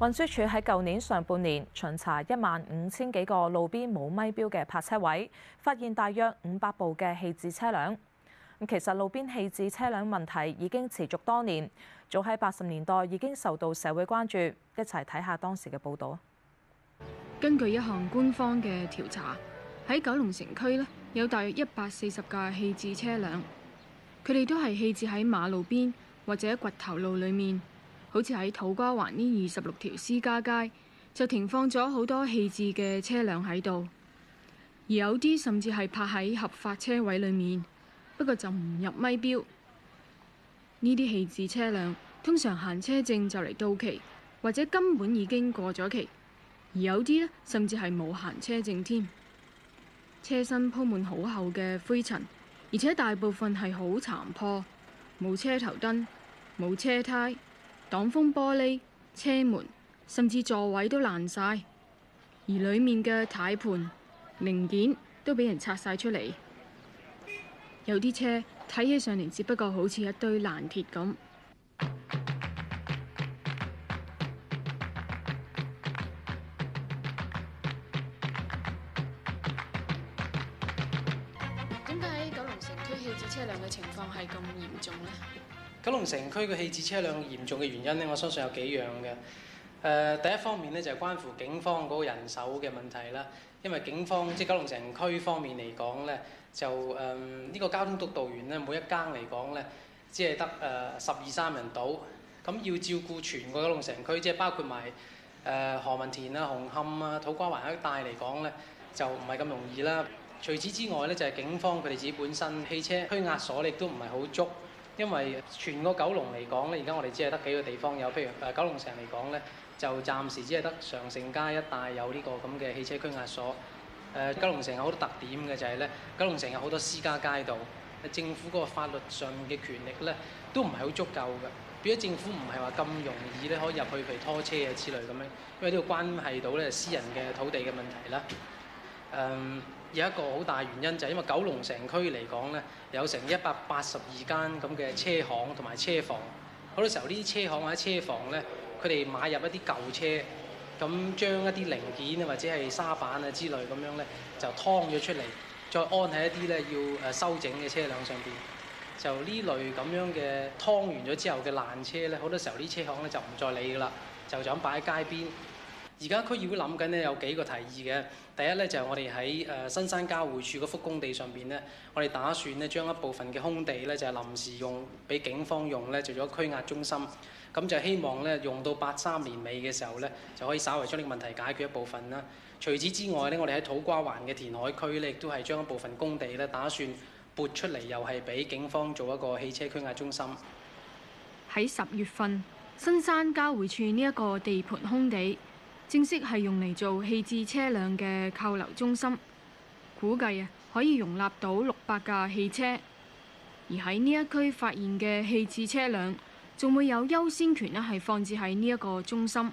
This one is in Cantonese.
運輸署喺舊年上半年巡查一萬五千幾個路邊冇咪標嘅泊車位，發現大約五百部嘅棄置車輛。咁其實路邊棄置車輛問題已經持續多年，早喺八十年代已經受到社會關注。一齊睇下當時嘅報道。根據一項官方嘅調查，喺九龍城區呢有大約一百四十架棄置車輛，佢哋都係棄置喺馬路邊或者掘頭路裏面。好似喺土瓜灣呢二十六條私家街就停放咗好多棄置嘅車輛喺度，而有啲甚至係泊喺合法車位裏面，不過就唔入咪標。呢啲棄置車輛通常行車證就嚟到期，或者根本已經過咗期，而有啲呢，甚至係冇行車證添。車身鋪滿好厚嘅灰塵，而且大部分係好殘破，冇車頭燈，冇車胎。擋風玻璃、車門甚至座位都爛晒，而裏面嘅軚盤零件都俾人拆晒出嚟。有啲車睇起上嚟，只不過好似一堆爛鐵咁。點解喺九龍城區棄置車輛嘅情況係咁嚴重呢？九龍城區嘅棄置車輛嚴重嘅原因咧，我相信有幾樣嘅。誒、呃，第一方面呢，就係、是、關乎警方嗰個人手嘅問題啦。因為警方即係九龍城區方面嚟講呢，就誒呢、呃這個交通督導員呢，每一間嚟講呢，只係得誒十二三人度。咁要照顧全個九龍城區，即係包括埋誒、呃、何文田啊、紅磡啊、土瓜灣一帶嚟講呢，就唔係咁容易啦。除此之外呢，就係、是、警方佢哋自己本身汽車扣押所咧都唔係好足。因為全個九龍嚟講咧，而家我哋只係得幾個地方有，譬如誒九龍城嚟講咧，就暫時只係得上城街一帶有呢個咁嘅汽車拘押所。誒九龍城有好多特點嘅就係咧，九龍城有好多私家街道，政府嗰個法律上面嘅權力咧都唔係好足夠嘅。如果政府唔係話咁容易咧，可以入去譬如拖車啊之類咁樣，因為呢個關係到咧私人嘅土地嘅問題啦。誒、um, 有一個好大原因就係、是、因為九龍城區嚟講呢有成一百八十二間咁嘅車行同埋車房。好多時候呢啲車行或者車房呢，佢哋買入一啲舊車，咁將一啲零件啊或者係沙板啊之類咁樣呢，就劏咗出嚟，再安喺一啲呢要誒修整嘅車輛上邊。就呢類咁樣嘅劏完咗之後嘅爛車呢，好多時候呢車行呢就唔再理㗎啦，就咁擺喺街邊。而家區議會諗緊呢，有幾個提議嘅。第一呢，就係、是、我哋喺誒新山交匯處嗰幅工地上邊呢，我哋打算呢將一部分嘅空地呢，就係、是、臨時用俾警方用呢，做咗拘押中心。咁就希望呢，用到八三年尾嘅時候呢，就可以稍為將呢個問題解決一部分啦。除此之外呢，我哋喺土瓜灣嘅填海區呢，亦都係將一部分工地呢，打算撥出嚟，又係俾警方做一個汽車拘押中心。喺十月份，新山交匯處呢一個地盤空地，正式係用嚟做棄置車輛嘅扣留中心，估計啊可以容納到六百架汽車。而喺呢一區發現嘅棄置車輛，仲會有優先權咧，係放置喺呢一個中心。